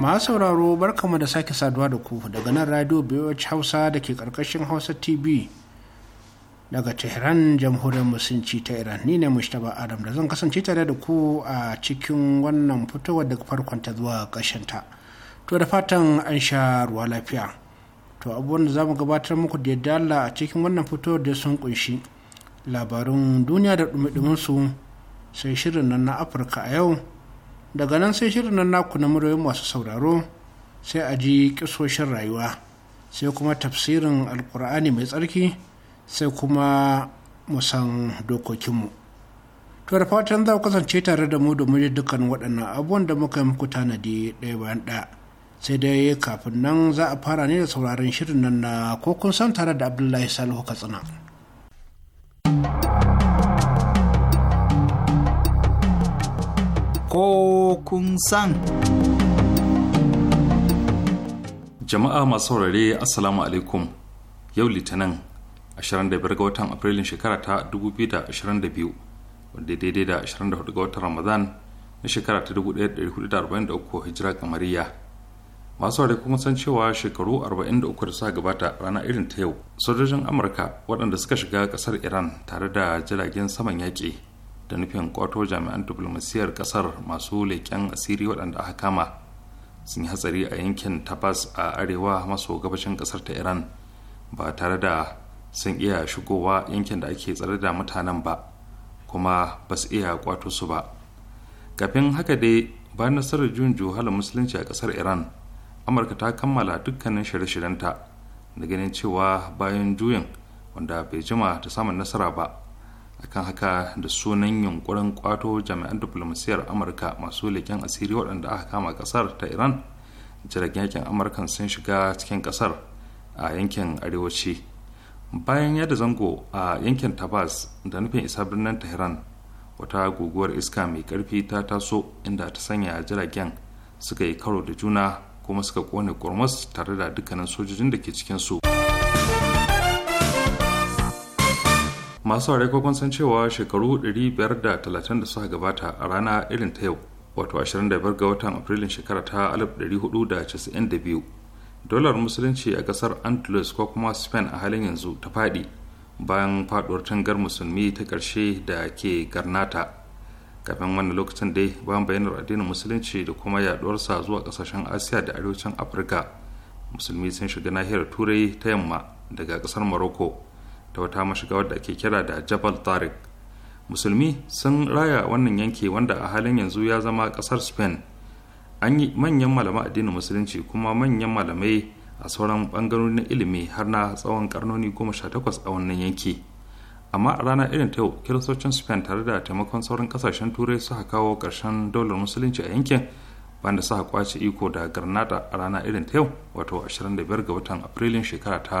masu sauraro barkamu da sake saduwa da ku daga nan radio BOH Hausa da ke karkashin Hausa TV daga Tehran jamhuriyar musulunci ta Iran ni ne Mustapha Adam da zan kasance tare da ku a cikin wannan fitowar daga farkon ta zuwa ta to da fatan an sha ruwa lafiya to abubuwan da zamu gabatar muku da yadda Allah a cikin wannan fitowar da sun kunshi labarun duniya da dumi sai shirin nan na Afirka a yau daga nan sai shirin nan naku na muryoyin masu sauraro sai a ji kisoshin rayuwa sai kuma tafsirin alkur'ani mai tsarki sai kuma musan dokokinmu to da fatan za ku kasance tare da mu domin yi dukkan waɗannan abubuwan da muka yi muku tanadi ɗaya bayan ɗaya sai dai kafin nan za a fara ne da sauraron shirin nan na ko kun san tare da abdullahi salihu katsina. ko kun san. Jama'a masu saurare Assalamu alaikum yau Litinin 25 ga watan Afrilun shekara ta 2022 wanda daidai da 24 ga watan Ramadan na shekara ta 1443 hijira kamariya. Masu saurare kuma san cewa shekaru 43 da suka gabata rana irin ta yau sojojin Amurka waɗanda suka shiga ƙasar Iran tare da jiragen saman yaƙi da nufin kwato jami'an diflomasiyyar kasar masu leƙen asiri waɗanda aka kama sun yi hatsari a yankin tabas a arewa maso gabashin kasar ta iran ba tare da sun iya shigowa yankin da ake tsare da mutanen ba kuma ba su iya kwato su ba kafin haka dai bayan nasarar jun juhalar musulunci a kasar iran amurka ta kammala dukkanin shirye-shiryenta da ganin cewa bayan juyin wanda bai jima ta samun nasara ba akan haka da sunan yunkurin kwato jami'an diplomasiyyar amurka masu leken asiri waɗanda aka kama ƙasar ta iran jiragen yakin amurkan sun shiga cikin ƙasar a yankin arewaci bayan yadda zango a yankin tabas da nufin isa birnin tehran wata guguwar iska mai ƙarfi ta taso inda ta sanya jiragen suka yi karo da juna kuma suka kone kurmus tare da dukkanin sojojin da ke cikin su masu ware kokon san cewa shekaru 530 da suka gabata a rana irin ta yau wato 25 ga watan afrilun shekara ta 1492 dolar musulunci a kasar andalus ko kuma spain a halin yanzu ta fadi bayan faduwar tangar musulmi ta karshe da ke garnata kafin wannan lokacin dai bayan bayanar addinin musulunci da kuma yaduwarsa zuwa kasashen asiya da arewacin afirka musulmi sun shiga nahiyar turai ta yamma daga kasar morocco ta wata mashiga wadda ake kira da jabal tarik musulmi sun raya wannan yanki wanda a halin yanzu ya zama kasar spain an yi manyan malama addinin musulunci kuma manyan malamai a sauran bangarori na ilimi har na tsawon karnoni goma sha takwas a wannan yanki amma a rana irin ta yau kiristocin spain tare da taimakon sauran kasashen turai suka kawo ƙarshen daular musulunci a yankin banda suka kwace iko da Granada a rana irin ta yau wato 25 ga watan afrilun shekara ta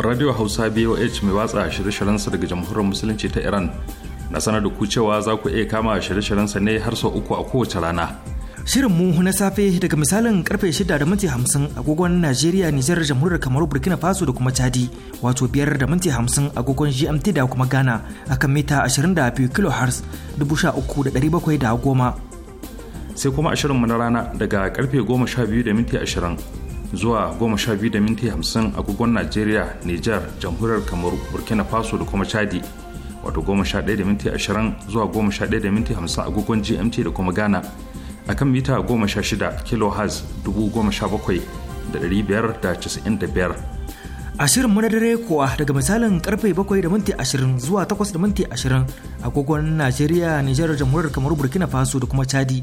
radio hausa boh mai watsa shirye-shiryensa daga jamhuriyar musulunci ta iran na sanar da ku cewa za ku iya kama shirye sa ne har sau uku a kowace rana shirin mu na safe daga misalin karfe shida da minti hamsin agogon najeriya nijar jamhuriyar kamar burkina faso da kuma chadi wato biyar da minti hamsin agogon gmt da kuma ghana akan mita bakwai da goma. sai kuma ashirin mu na rana daga karfe goma sha biyu da minti ashirin zuwa biyu da minti 50 agogon Najeriya, Nijar, Jamhuriyar Kamaru, Burkina Faso da kuma Chadi. Wato ɗaya da minti ashirin zuwa ɗaya da minti 50 agogon GMT da kuma Ghana. A kan mita 16 kHz 17,595. Ashirin mu na dare kuwa daga misalin karfe 7 da minti ashirin zuwa 8 da minti 20 agogon Najeriya, Nijar, Jamhuriyar kamar Burkina Faso da kuma Chadi.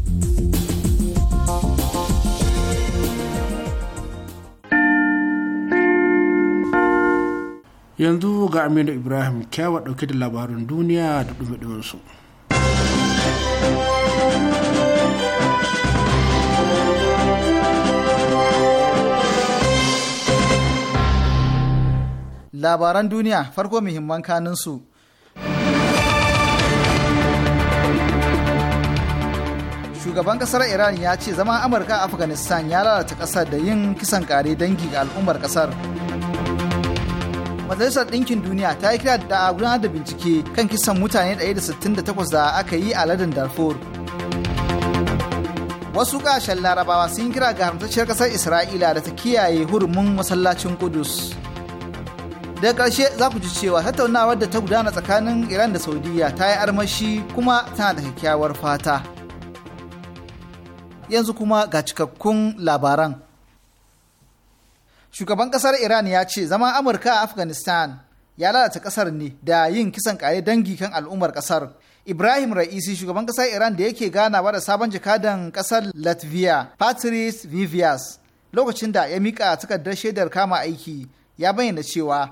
yanzu ga aminu ibrahim kyawa ɗauke da labarin duniya da ɗumi labaran duniya farko muhimman kaninsu shugaban kasar iran ya ce zama amurka a afghanistan ya lalata kasar da yin kisan kare dangi ga al'ummar kasar majalisar ɗinkin duniya ta yi kira da gudanar da bincike kan kisan mutane 168 da aka yi a ladin darfur wasu ƙasashen larabawa sun kira ga haramtacciyar ƙasar isra'ila da ta kiyaye hurumin masallacin kudus daga ƙarshe za ku ji cewa tattaunawar da ta gudana tsakanin iran da Saudiyya ta yi armashi kuma tana da kyakkyawar fata yanzu kuma ga cikakkun labaran shugaban kasar iran ya ce zaman amurka a afghanistan ya lalata kasar ne da yin kisan kare dangi kan al'ummar kasar ibrahim ra'isi shugaban kasar iran da yake ganawa da sabon jakadan kasar latvia patrice vivias lokacin da ya mika takardar shaidar kama aiki ya bayyana cewa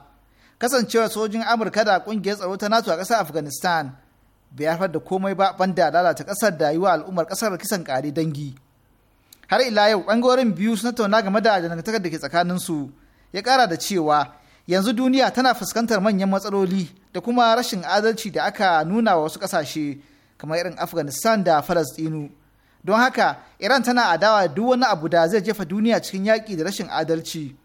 kasancewar sojin amurka da kungiyar tsaro ta nato a kasar afghanistan bai haifar da komai ba banda lalata kasar da yi wa al'ummar kasar kisan kare dangi har ila yau bangoren biyu sun tauna game da dangantakar da ke tsakaninsu ya kara da cewa yanzu duniya tana fuskantar manyan matsaloli da kuma rashin adalci da aka nuna wa wasu kasashe kamar irin afghanistan da falastinu don haka iran tana adawa duk wani abu da zai jefa duniya cikin yaƙi da rashin adalci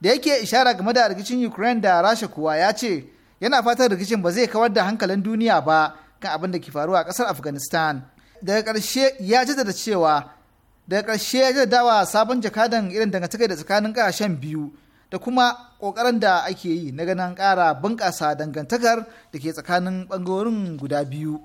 da yake ishara game da rikicin ukraine da rasha kuwa ya ce yana fatan rikicin ba zai kawar da hankalin duniya ba kan abin da ke faruwa a kasar afghanistan daga ƙarshe ya jaddada cewa daga ƙarshe ya dawa sabon jakadan irin dangantaka da tsakanin ƙasashen biyu da kuma ƙoƙarin da ake yi na ganin ƙara bunƙasa dangantakar da ke tsakanin ɓangarorin guda biyu.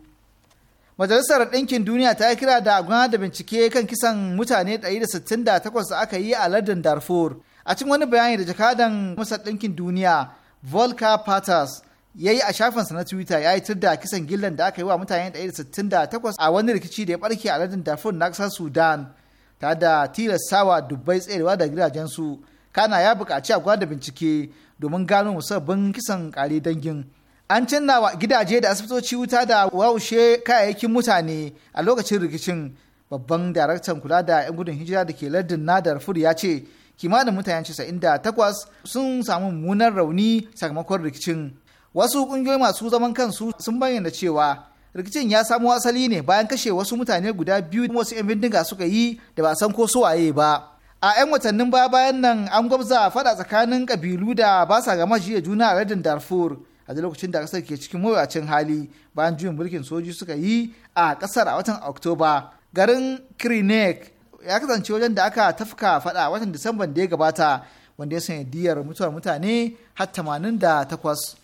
Majalisar Ɗinkin Duniya ta yi kira da gwamnati da bincike kan kisan mutane 168 da aka yi a lardin Darfur. A cikin wani bayani da jakadan Masar Ɗinkin Duniya Volker Patas ya yi a shafinsa na Twitter ya yi tur da kisan gillan da aka yi wa mutane 168 a wani rikici da ya barke a lardin Darfur na ƙasar Sudan. ta da tilastawa dubbai tserewa da gidajensu kana ya buƙaci a gwada bincike domin gano musabbin kisan ƙare dangin an cinna wa gidaje da asibitoci wuta da waushe kayayyakin mutane a lokacin rikicin babban daraktan kula da 'yan gudun hijira da ke lardin nadar fur ya ce kimanin mutane da takwas sun samu mummunan rauni sakamakon rikicin wasu ƙungiyoyi masu zaman kansu sun bayyana cewa rikicin ya samo asali ne bayan kashe wasu mutane guda biyu da wasu 'yan bindiga suka yi da ba san ko su waye ba a 'yan watannin baya bayan nan an gwabza fada tsakanin kabilu da ba sa gama jiya juna a radin darfur a lokacin da kasar ke cikin mawuyacin hali bayan juyin mulkin soji suka yi a kasar a watan oktoba garin krinek ya kasance wajen da aka tafka fada watan disamban da ya gabata wanda ya sanya diyar mutuwar mutane har 88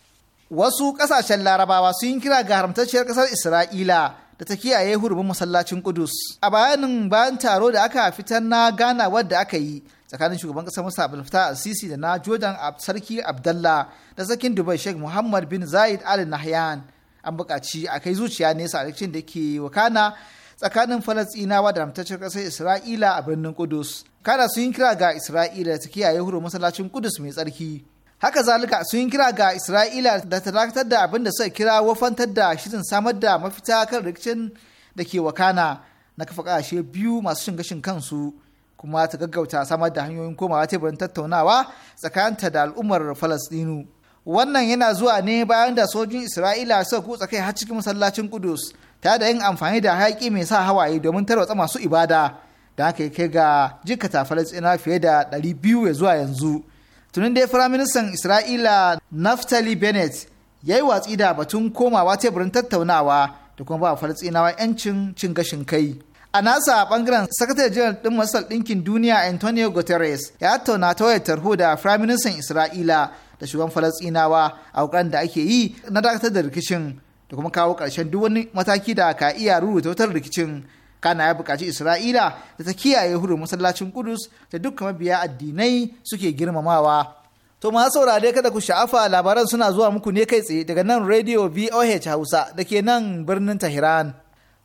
wasu kasashen larabawa sun yi kira ga haramtacciyar kasar isra'ila da ta kiyaye hurumin masallacin kudus a bayanin bayan taro da aka fitar na ghana wadda aka yi tsakanin shugaban ƙasar musa abdulfata al-sisi da na jordan a sarki abdallah da sarkin dubai sheikh muhammad bin zaid al nahyan an buƙaci a kai zuciya nesa a rikicin da ke wakana tsakanin falastinawa da haramtacciyar ƙasar isra'ila a birnin kudus kana sun yi kira ga isra'ila da ta kiyaye hurumin masallacin kudus mai tsarki haka zalika sun kira ga isra'ila da ta dakatar da abin da suka kira wafantar da shirin samar da mafita kan rikicin da ke wakana na kafa kashe biyu masu shin gashin kansu kuma ta gaggauta samar da hanyoyin komawa teburin tattaunawa ta da al'ummar falastinu wannan yana zuwa ne bayan da sojin isra'ila suka kutsa kai har cikin masallacin kudus tare da yin amfani da hayaƙi mai sa hawaye domin tarwatsa masu ibada da aka kai ga jikata falastina fiye da 200 zuwa yanzu tunin dai firaministan isra'ila naftali bennett ya yi watsi da batun komawa teburin tattaunawa da kuma ba falastinawa yancin cin gashin kai a nasa bangaren sakatare janar din masar ɗinkin duniya antonio guterres ya tattauna ta wayar tarho da firaministan isra'ila da shugaban falastinawa a ƙoƙarin da ake yi na dakatar da rikicin da kuma kawo ƙarshen duk wani mataki da ka iya rurrute wutar rikicin kana ya buƙaci isra'ila da ta kiyaye hurin masallacin kudus da dukkan mabiya addinai suke girmamawa to masu saurare kada ku sha'afa labaran suna zuwa muku ne kai tsaye daga nan radio voh hausa da ke nan birnin tahiran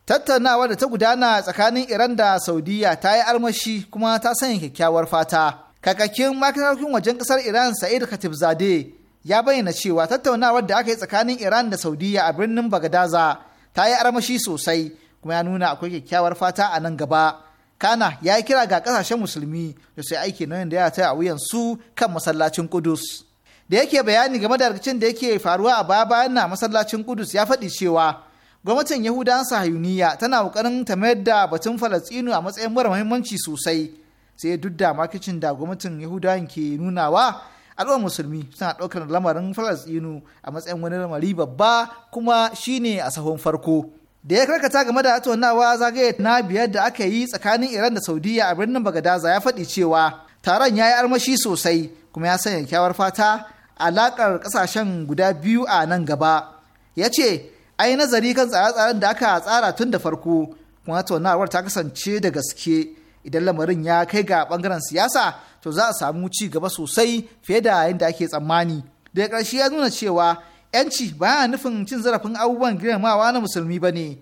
tattaunawa da ta gudana tsakanin iran da saudiya ta yi armashi kuma ta sanya kyakkyawar fata kakakin makarokin wajen kasar iran sa'id zade ya bayyana cewa tattaunawar da aka yi tsakanin Iran da Saudiya a birnin Bagadaza ta yi armashi sosai kuma ya nuna akwai kyakkyawar fata a nan gaba kana ya yi kira ga kasashen musulmi da su aiki na yadda ya ta a wuyan su kan masallacin kudus da yake bayani game da rikicin da yake faruwa a baya bayan na masallacin kudus ya faɗi cewa gwamnatin yahudan sahayuniya tana kokarin ta mayar da batun falastinu a matsayin mara muhimmanci sosai sai duk da makicin da gwamnatin yahudan ke nunawa al'ummar musulmi suna ɗaukar lamarin falastinu a matsayin wani lamari babba kuma shine a sahun farko da ya karkata game da tattaunawa zagaye na biyar da aka yi tsakanin iran da saudiya a birnin bagadaza ya faɗi cewa taron ya yi armashi sosai kuma ya sanya kyawar fata alaƙar ƙasashen guda biyu a nan gaba ya ce ai nazari kan tsare-tsaren da aka tsara tun da farko kuma tattaunawar ta kasance da gaske idan lamarin ya kai ga bangaren siyasa to za a samu ci gaba sosai fiye da yadda ake tsammani ya karshe ya nuna cewa yanci ba ya nufin cin zarafin abubuwan girmamawa na musulmi ba ne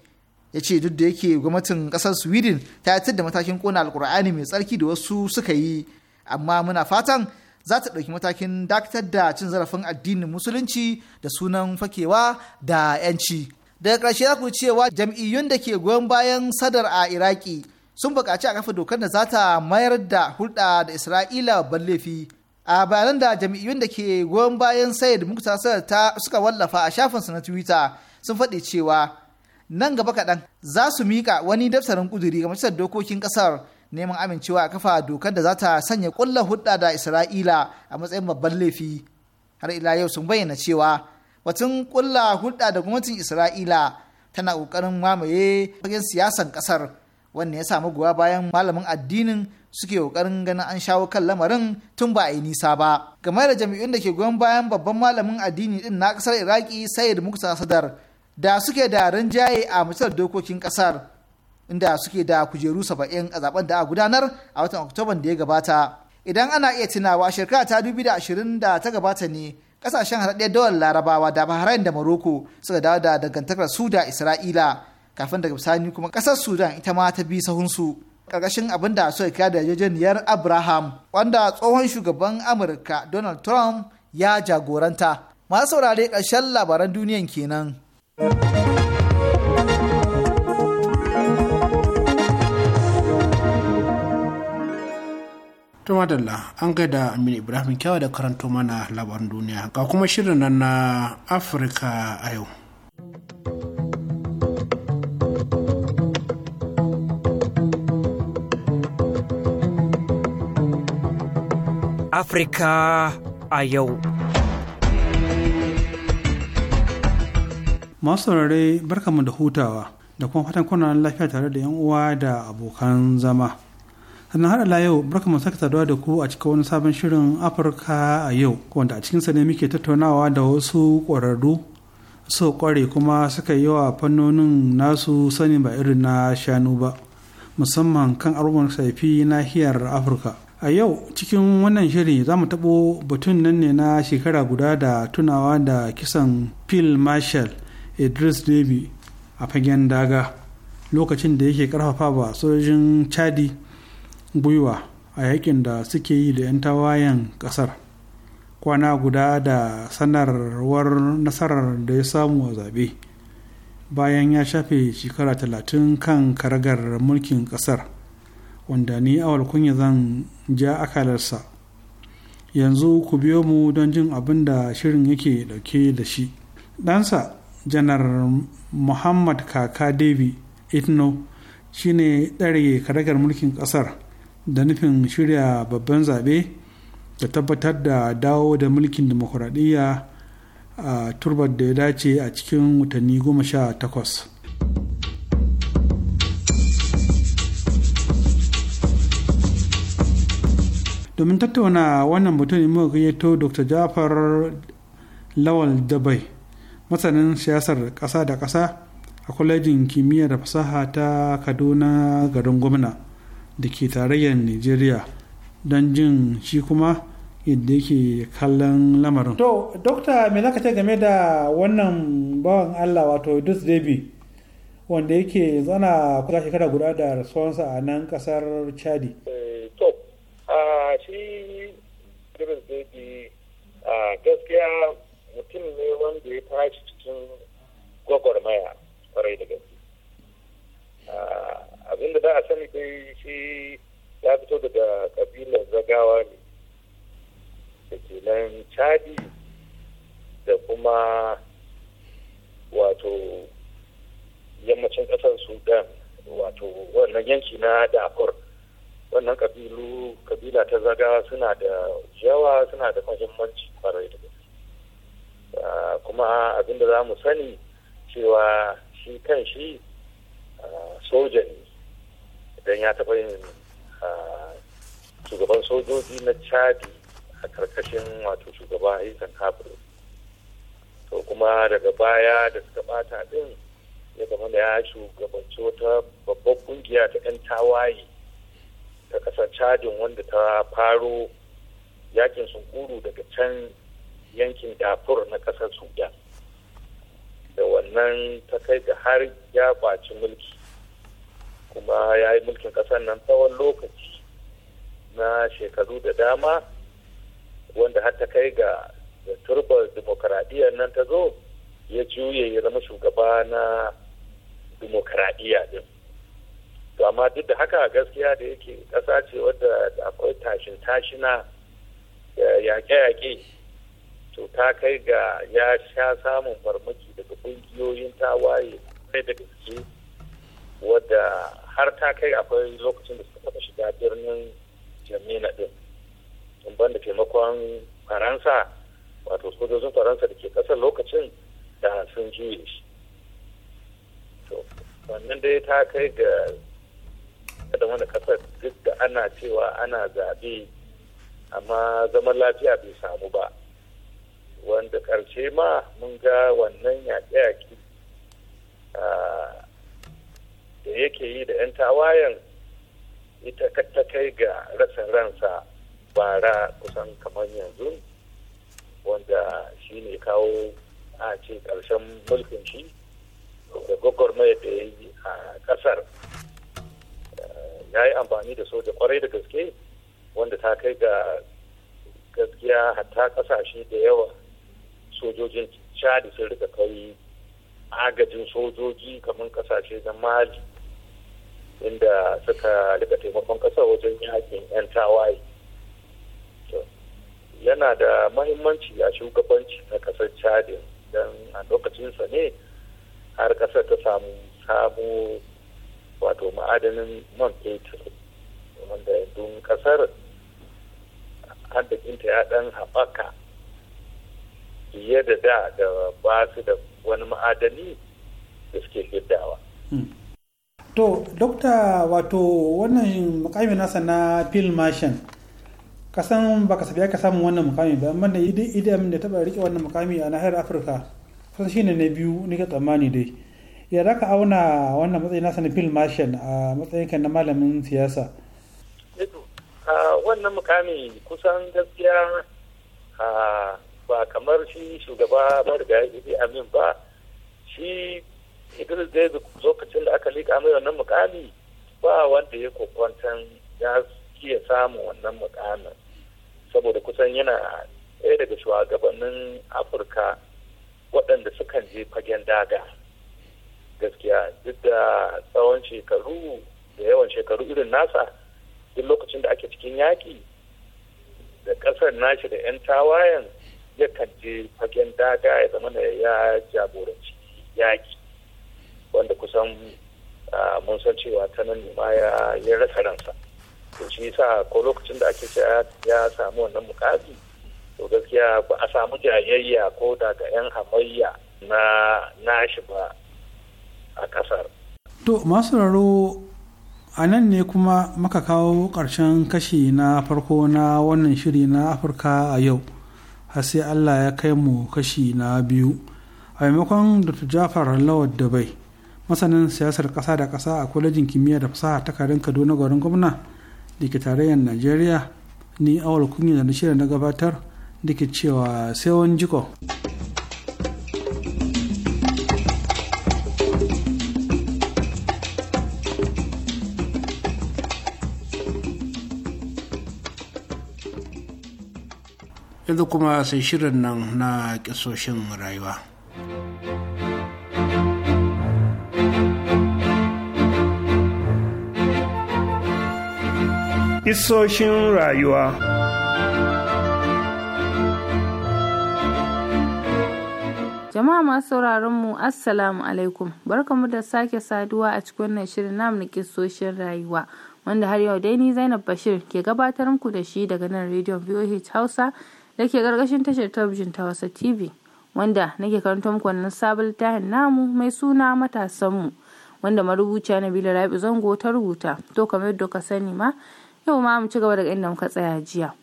ya ce duk da yake gwamnatin kasar sweden ta yi da matakin kona alkur'ani mai tsarki da wasu suka yi amma muna fatan za ta ɗauki matakin dakatar da cin zarafin addinin musulunci da sunan fakewa da yanci daga karshe za ku cewa jam'iyyun da ke goyon bayan sadar a iraki sun buƙaci a kafa dokar da za ta mayar da hulɗa da isra'ila babban laifi a bayanan da jami'in da ke goyon bayan sayid da ta suka wallafa a shafinsa na twitter sun faɗi cewa nan gaba kaɗan za su miƙa wani daftarin ƙuduri ga majalisar dokokin ƙasar neman amincewa a kafa dokar da za ta sanya ƙulla hudda da isra'ila a matsayin babban laifi har ila yau sun bayyana cewa batun ƙulla hudda da gwamnatin isra'ila tana ƙoƙarin mamaye fagen siyasan ƙasar wanda ya samu goya bayan malamin addinin suke kokarin ganin an shawo kan lamarin tun ba a yi nisa ba game da jami'un da ke goyon bayan babban malamin addini din na kasar iraki sayyid Muktar sadar da suke da rinjaye a majalisar dokokin kasar inda suke da kujeru saba'in a zaben da a gudanar a watan oktoban da ya gabata idan ana iya tunawa shekara ta dubi da ashirin da ta gabata ne Ƙasashen haɗaɗɗiyar dawar larabawa da bahrain da maroko suka dawo da dangantakar su da isra'ila kafin daga bisani kuma ƙasar sudan ita ma ta bi sahunsu ƙarƙashin abin da suka ya da yarjejeniyar abraham wanda tsohon shugaban amurka donald trump ya jagoranta masu saurare ƙarshen labaran duniyan kenan. Tuma Dalla an gaida aminu ibrahim kyawa da karanto mana labaran duniya ga kuma shirin nan na afirka a yau Afrika a yau. Masu rarre barkamu da hutawa da kuma fatan kuna lafiya tare da 'yan uwa da abokan zama. sannan har ala yau barka saka saduwa da ku a cikin wani sabon shirin afirka a yau wanda a cikinsa ne muke tattaunawa da wasu ƙwararru so ƙware kuma suka yi wa fannonin nasu sani ba irin na shanu ba musamman kan abubuwan saifi nahiyar afirka a yau cikin wannan shiri za mu taɓo batun nan ne na shekara guda da tunawa da kisan phil marshall idris davy a fagen daga lokacin da yake karfafa ba sojojin chadi gwiwa a yakin da suke yi da 'yan tawayen kasar kwana guda da sanarwar nasarar da ya samu a zaɓe bayan ya shafe shekara 30 kan karagar mulkin kasar wanda ni awal kunya zan ja akalarsa yanzu ku biyo mu don jin abin da shirin yake dauke da shi ɗansa janar muhammad kaka devi itno shine ɗare karagar mulkin ƙasar da nufin shirya babban zaɓe da tabbatar da dawo da mulkin dimokuraɗiyya a turbar da ya dace a cikin watanni goma sha takwas. domin tattauna wannan mutum ne muka gayyato dr jafar lawal dabai masanin siyasar ƙasa da ƙasa a kwalejin kimiyya da fasaha ta kaduna garin gwamna da ke tarayyar nigeria don jin shi kuma yadda yake kallon lamarin to dokta me zaka ce game da wannan bawan allah wato idris debi wanda yake zana kusa shekara guda da rasuwansa a nan kasar chadi eh, shi Idris a gaskiya mutum ne wanda ya tashi cikin gwagwarmaya kwarai da gaske. Abinda za a sani dai shi ya fito daga kabilar zagawa ne da ke nan chadi da kuma wato yammacin ƙasar sudan wato wannan yanki na dakor wannan kabilu kabila ta zaga suna da yawa suna da mahimmanci kwarai da ah, kuma abinda za mu sani cewa shi kan shi ah, soja ne idan ya taɓa yin ah, shugaban sojoji na chadi a karkashin wato shugaba isan kabiru to kuma daga baya da suka bata din ya zama da ya shugabanci wata babbar kungiya ta 'yan tawaye ta kasar chadin wanda ta faro yakin sunkuru daga can yankin dafur na kasar sudan da wannan ta kai ga har ya baci mulki kuma ya yi mulkin kasar nan tsawon lokaci na shekaru da dama wanda har ta kai ga da turbar demokaradiyyar nan ta zo ya juye ya zama shugaba na demokaradiyya din to amma duk da haka gaskiya da yake ƙasa ce wadda akwai tashin tashina yaƙe-yaƙe to ta kai ga ya sha samun farmaki daga ƙungiyoyin tawaye kai da gaske wadda har ta kai akwai lokacin da suka taɓa shiga birnin jamina ɗin in ban da taimakon faransa wato sojojin faransa da ke ƙasar lokacin da sun juye shi to wannan dai ta kai ga da wani kasar duk da ana cewa ana zaɓe amma zaman lafiya bai samu ba wanda ƙarshe ma mun ga wannan yaƙe-yaƙe da yake yi da 'yan tawayen ita ta kai ga rasin ransa bara kusan kamar yanzu wanda shi ne kawo a ce ƙarshen mulkin shi da gwagwarmaya da ya yi a ƙasar ya yi amfani da soja kwarai da gaske wanda ta kai ga gaskiya hatta kasashe da yawa sojojin chad sun rika kai agajin sojoji kamar kasashe na mali inda suka rika taimakon kasa wajen yakin 'yan tawaye yana da mahimmanci a shugabanci na kasar chadin don a lokacinsa ne har kasar ta samu sabo wato ma'adanin man fetur wanda dun kasar arzikinta ya dan haɓaka fiye da da da ba su da wani ma'adani da suke fiddawa. Hmm. to dokta wato wannan mukami nasa na phil martian kasan ba sabi aka samun wannan mukami ba amma da idan da taɓa rike wannan mukami a nahiyar afirka kusan shine na biyu nika tsammani dai ya ka auna wannan matsayi na sani phil marshall a matsayinka na malamin siyasa wannan mukami kusan gaskiya ba kamar shi shugaba marga idi amin ba shi idris da lokacin da aka liƙa mai wannan mukami ba wanda ya kwakwantan ya iya samun wannan mukamin saboda kusan yana ɗaya daga shugabannin afirka waɗanda sukan je fagen daga gaskiya duk da tsawon shekaru da yawan shekaru irin nasa duk lokacin da ake cikin yaƙi da ƙasar nashi da 'yan tawayen ya je fagen daga ya zama ya jagoranci yaƙi wanda kusan mun san cewa ta nan ne ma ya rasa ransa to shi yasa ko lokacin da ake ya samu wannan mukami to gaskiya ba a samu jayayya ko daga yan hamayya na nashi ba a kasar. To masu raro a nan ne kuma maka kawo ƙarshen kashi na farko na wannan shiri na Afirka a yau. har sai Allah ya kai mu kashi na biyu. A maimakon Dr. Jafar Lawad bai masanin siyasar ƙasa da ƙasa a kwalejin kimiyya da fasaha ta karin Kaduna garin gwamna da ke tarayyar Najeriya, ni awal kunya da na shirya na gabatar da ke cewa sai wani jiko. yanzu kuma sai shirin nan na kisoshin rayuwa Isoshin rayuwa Jama'a masu sauraronmu Assalamu alaikum barkamu da sake saduwa a cikin wannan shirin namu kisoshin rayuwa wanda har yau dai ni Zainab Bashir ke gabatar muku da shi daga nan rediyon VOH Hausa da ke gargashin tashar talabijin ta wasa tv wanda nake karanta muku wannan sabon tahin namu mai suna matasanmu wanda marubuciya nabila rabi zango ta rubuta to kamar yadda ka sani ma yau ma mu ci gaba daga inda muka tsaya jiya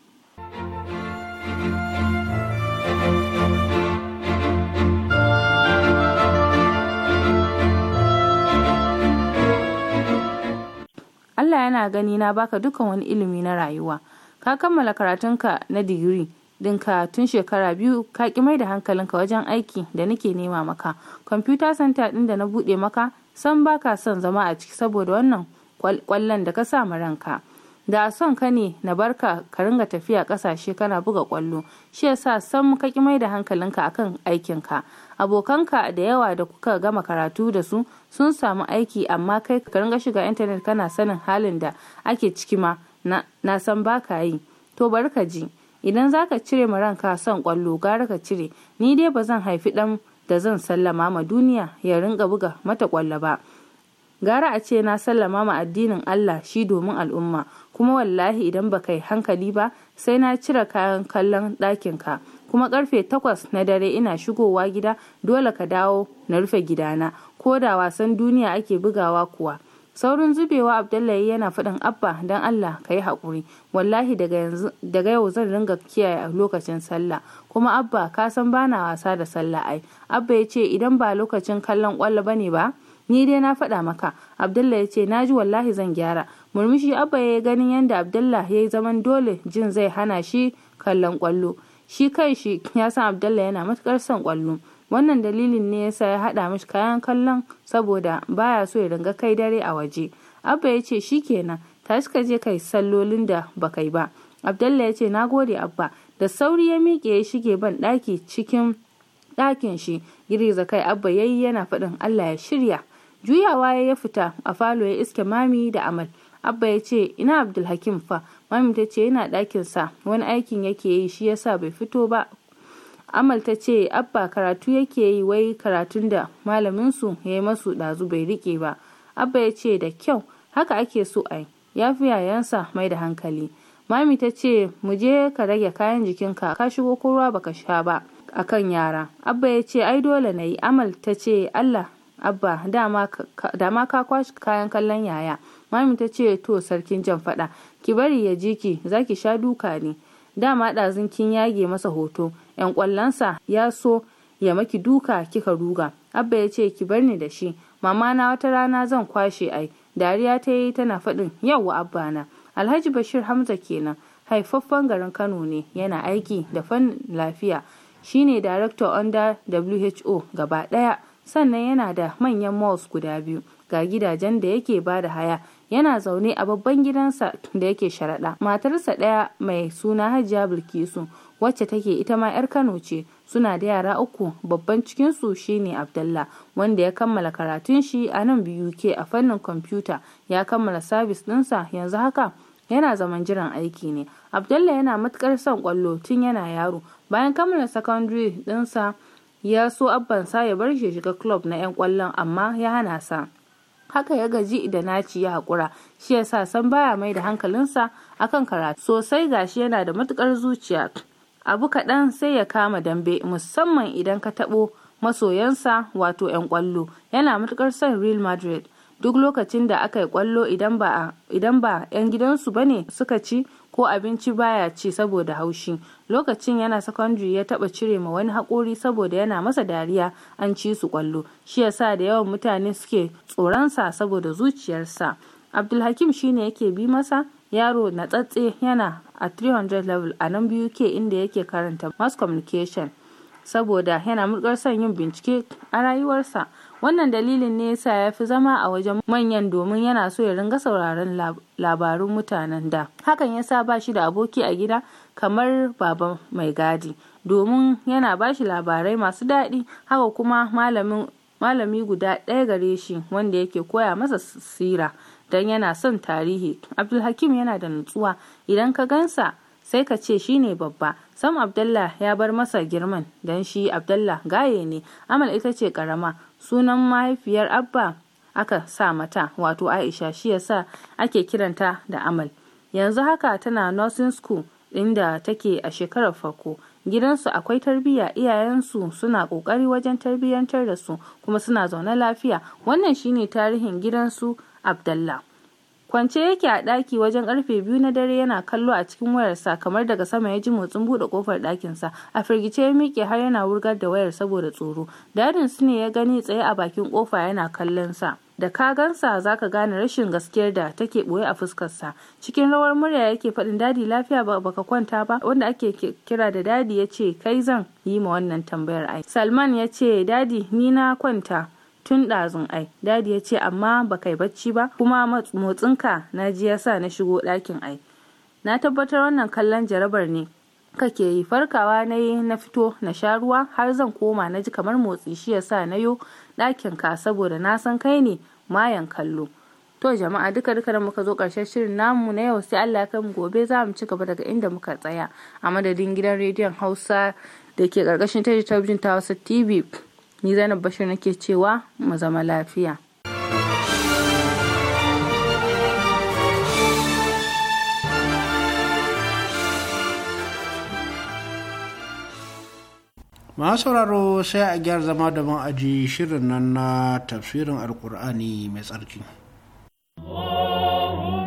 Allah yana gani na baka dukan wani ilimi na rayuwa ka kammala karatunka na digiri dinka tun shekara biyu ka ki mai da hankalinka wajen aiki da nake nema maka kwamfuta center din da na buɗe maka san baka son zama a ciki saboda wannan kwallon da ka sa mu ranka da son ka ne na barka ka ringa tafiya kasashe kana buga kwallo shi yasa san ka ki mai da hankalinka akan aikin aikinka abokanka da yawa da kuka gama karatu da su sun samu aiki amma kai ka ringa shiga intanet kana sanin halin da ake ciki ma na, na san baka yi to bari ka ji idan za ka cire ma ranka son kwallo gara ka cire ni dai ba zan haifi dan da zan sallama ma duniya ya ringa buga mata kwallo ba gara a ce na sallama ma addinin Allah shi domin al'umma kuma wallahi idan baka yi hankali ba sai na cire kayan kallon ɗakin ka kuma karfe takwas na dare ina shigowa gida dole ka dawo na rufe gidana ko da wasan duniya ake bugawa kuwa saurin zubewa abdullahi yana faɗin abba don allah ka yi haƙuri wallahi daga yau zan ringa kiyaye a lokacin sallah kuma abba ka san bana wasa da sallah ai abba ya ce idan ba lokacin kallon kwallo ba ne ba ni dai na faɗa maka abdullahi ya ce na ji wallahi zan gyara murmushi abba ya yi ganin yadda abdullahi ya yi zaman dole jin zai hana shi kallon kwallo shi kai shi ya san abdullahi yana matuƙar son kwallo. wannan dalilin ne yasa ya haɗa mashi kayan kallon saboda baya so ya dinga kai dare a waje abba ya ce shikenan tashi ka je kai sallolin da ba kai ba abdallah ya ce nagode abba da sauri ya miƙe ya shige ban ɗaki cikin ɗakin shi girgiza kai abba ya yi yana faɗin allah ya shirya juyawa ya fita a falo ya iske mami da amal abba ya ce ina abdulhakim fa mami ta ce yana ɗakinsa wani aikin yake yi shi yasa bai fito ba amal ta ce abba karatu yake yi wai karatun da malaminsu ya yi masu ɗazu bai riƙe ba abba ya ce da kyau haka ake so ai ya fi yayansa mai da hankali mami ta ce mu je ka rage kayan jikinka ka shigo ko ruwa baka sha ba a kan yara abba ya ce ai dole na yi amal ta ce allah abba dama ka kwashi kayan kallon yaya mami ta ce to sarkin jan faɗa ki bari ya ji ki zaki sha duka ne dama ɗazun kin yage masa hoto yan ƙwallonsa ya so ya maki duka kika ruga abba ya ce ki bar ni da shi mama na wata rana zan kwashe ai dariya ta yi tana faɗin yawa abba na alhaji bashir hamza kenan haifaffen garin kano ne yana aiki da fannin lafiya shine director under who gaba ɗaya sannan yana da manyan malls guda biyu ga gidajen da yake ba da haya yana zaune a babban gidansa da yake sharaɗa matarsa ɗaya mai suna hajiya bilkisu wacce take ita ma 'yar kano ce suna da yara uku babban cikinsu shine abdallah wanda ya kammala karatun shi a nan uk a fannin kwamfuta ya kammala sabis ɗinsa yanzu haka yana zaman jiran aiki ne abdallah yana matukar son kwallo tun yana yaro bayan kammala sakandare ɗinsa ya so sa ya bar shi shiga club na 'yan kwallon amma ya hana sa haka ya gaji idan na ci ya haƙura shi yasa san baya mai da hankalinsa akan karatu sosai gashi yana da matukar zuciya abu kaɗan sai ya kama dambe musamman idan ka taɓo masoyansa wato 'yan kwallo yana matukar son real madrid duk lokacin da aka yi ƙwallo idan ba 'yan gidansu bane suka ci ko abinci baya ci saboda haushi lokacin yana secondary ya taba cire ma wani hakori saboda yana masa dariya an ci su kwallo shi yasa da yawan mutane suke tsoronsa saboda zuciyarsa abdulhakim shine yake bi masa yaro na tsatse yana a 300 level a nan biyu ke inda yake karanta mass communication saboda yana murkar son yin bincike a rayuwarsa wannan dalilin ne yasa ya fi zama a wajen manyan domin yana so ya ringa sauraron labarun mutanen da hakan ya sa ba shi da aboki a gida kamar baba mai gadi domin yana ba shi labarai masu daɗi haka kuma malami guda ɗaya gare shi wanda yake koya masa sira don yana son tarihi abdulhakim yana da nutsuwa idan ka gansa sai ka ce shi ne babba sam abdallah ya bar masa girman dan shi abdallah gaye ne amal ita ce karama sunan mahaifiyar abba aka sa mata wato aisha shi yasa ake kiranta da amal yanzu haka tana nursing school inda take a shekarar farko gidansu akwai tarbiyya iyayensu suna kokari wajen tarbiyyantar da su kuma suna zaune lafiya wannan shine tarihin gidansu abdallah kwance yake a ɗaki wajen karfe biyu na dare yana kallo a cikin wayarsa kamar daga sama ya ji motsin buɗe kofar dakinsa a firgice ya miƙe har yana wurgar da wayar saboda tsoro dadin su ne ya gani tsaye a bakin kofa yana kallon sa da ka gansa za ka gane rashin gaskiyar da take ɓoye a fuskarsa cikin rawar murya yake faɗin dadi lafiya ba baka kwanta ba wanda ake kira da dadi ya ce kai zan yi ma wannan tambayar ai salman ya ce dadi ni na kwanta tun ɗazun ai dadi ya ce amma ba kai bacci ba kuma motsinka na ji yasa na shigo ɗakin ai na tabbatar wannan kallon jarabar ne kake yi farkawa na yi na fito na sha ruwa har zan koma na ji kamar motsi shi yasa na yo ɗakin ka saboda na san kai ne mayan kallo to jama'a duka duka da muka zo karshen shirin namu na yau sai Allah ya mu gobe za mu ci gaba daga inda muka tsaya a madadin gidan rediyon Hausa da ke karkashin tashar talabijin ta Hausa TV ni zainab bashir nake cewa mu zama lafiya masu sauraro sai a gyar zama da aji shirin nan na tafsirin alkur'ani mai tsarki. Allahumma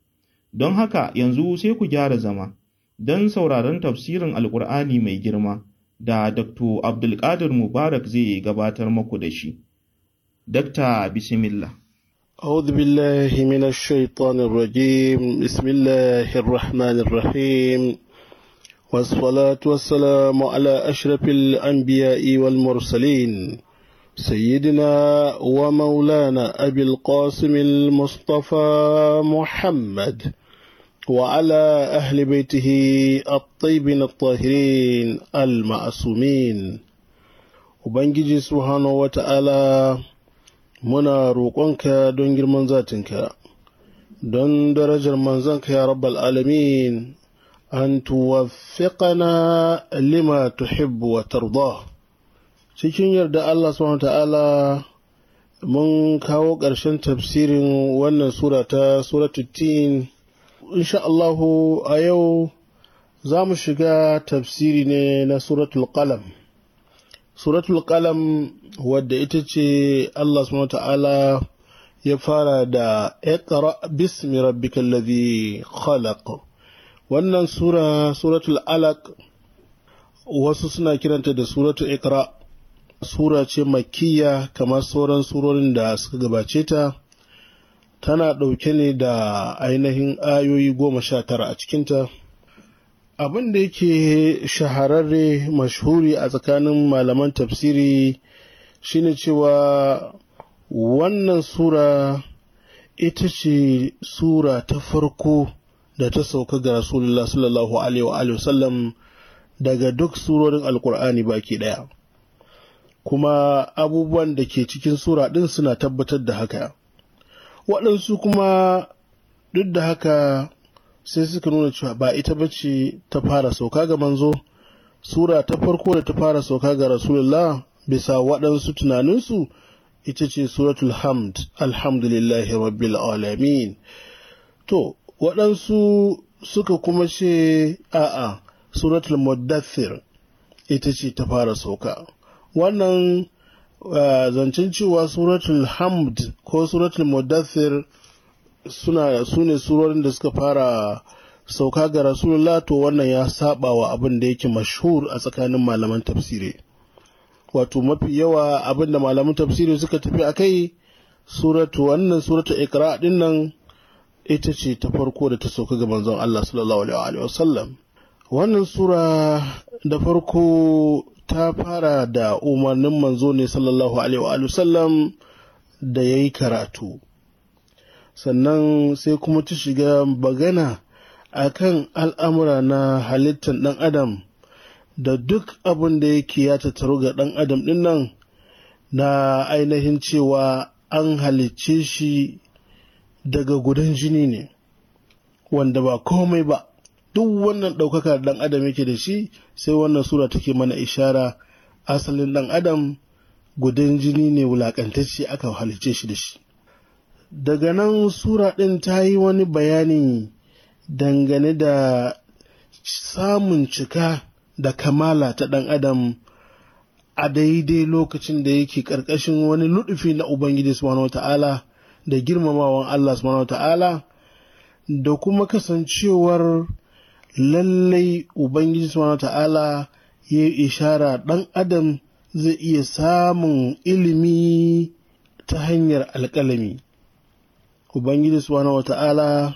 Don haka yanzu sai ku gyara zama don sauraron tafsirin Alƙur'ani mai girma da Dr. Abdulkadir Mubarak zai gabatar maku da shi. dr Bismillah. أعوذ بالله من الشيطان الرجيم بسم الله الرحمن الرحيم والصلاة والسلام على أشرف الأنبياء والمرسلين سيدنا ومولانا أبي القاسم المصطفى محمد وعلى أهل بيته الطيبين الطاهرين المعصومين Ubangiji Subhanahu wa ta'ala muna roƙonka don girman zatinka, don darajar manzanka ya rabbal alamin, an tuwaffiqana lima tuhibbu wa tarda. Cikin yarda Allah Subhanahu wa ta'ala mun kawo ƙarshen tafsirin wannan surata ta suratul tin insha Allahu a yau za mu shiga tafsiri ne na suratul qalam suratul qalam wadda ita ce Allah subhanahu ta'ala ya fara da iqra bismi rabbikal ladhi khalaq wannan sura suratul alaq wasu suna kiranta da suratul iqra sura ce makkiya kamar sauran surorin da suka gabace ta tana ɗauke ne da ainihin ayoyi goma sha tara a cikinta abin da yake shahararre mashhuri a tsakanin malaman tafsiri shine cewa wannan sura ita ce sura ta farko da ta sauka ga rasulullah sallallahu alaihi wasallam daga duk surorin alkur'ani baki ɗaya kuma abubuwan da ke cikin sura ɗin suna tabbatar da haka waɗansu kuma duk da haka sai suka nuna cewa ba ita ba ce ta fara sauka ga manzo sura ta farko da ta fara sauka ga rasulullah bisa waɗansu tunaninsu ita ce suratul hamd alhamdulillahi rabbil alamin to waɗansu suka kuma ce a'a suratul muddathir ita ce ta fara sauka wannan Eh, zancen cewa suratul hamd ko suratul mudathir suna su ne surorin da suka fara sauka ga rasulullah to wannan ya saba wa abin da yake mashhur a tsakanin malaman tafsiri wato mafi yawa abin da malaman tafsiri suka tafi a kai suratu wannan suratu ikra din nan ita ce ta farko da ta sauka ga manzon Allah sallallahu alaihi wasallam wannan sura da farko ta fara da umarnin manzo ne sallallahu alaihi sallam da ya yi karatu sannan sai kuma ta shiga bagana kan al'amura na halittar ɗan adam da duk abin da yake ya tattaru ga ɗan adam ɗin nan na ainihin cewa an halicce shi daga gudan jini ne wanda ba komai ba duk wannan ɗaukaka ɗan adam yake da shi sai wannan sura take mana ishara asalin ɗan adam gudan jini ne wulaƙantacce aka halice shi da shi daga nan sura ɗin ta yi wani bayani dangane da samun cika da kamala ta ɗan adam a daidai lokacin da yake ƙarƙashin wani luɗufi na ubangiji subhanahu ta'ala da girmamawan allah subhanahu ta'ala da kuma kasancewar lallai ubangiji subhanahu ta'ala ya yi ishara ɗan adam zai iya samun ilimi ta hanyar alƙalami ubangiji subhanahu ta'ala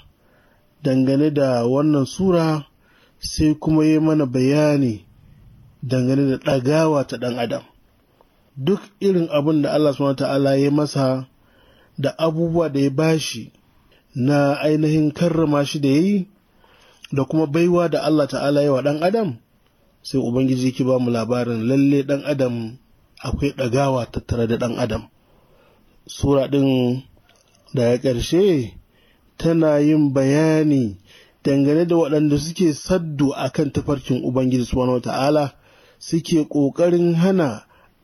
dangane da wannan sura sai kuma ya mana bayani dangane da ɗagawa ta ɗan adam duk irin abin da Allah subhanahu ta'ala ya masa da abubuwa da ya bashi na ainihin karrama shi da ya yi da kuma baiwa da Allah ta'ala yawa ɗan adam sai ubangiji ki ba mu labarin lalle ɗan adam akwai ɗagawa tattare da ɗan adam sura ɗin ya ƙarshe tana yin bayani dangane da waɗanda suke saddu a kan tafarkin ubangiji subhanahu ta'ala suke ƙoƙarin hana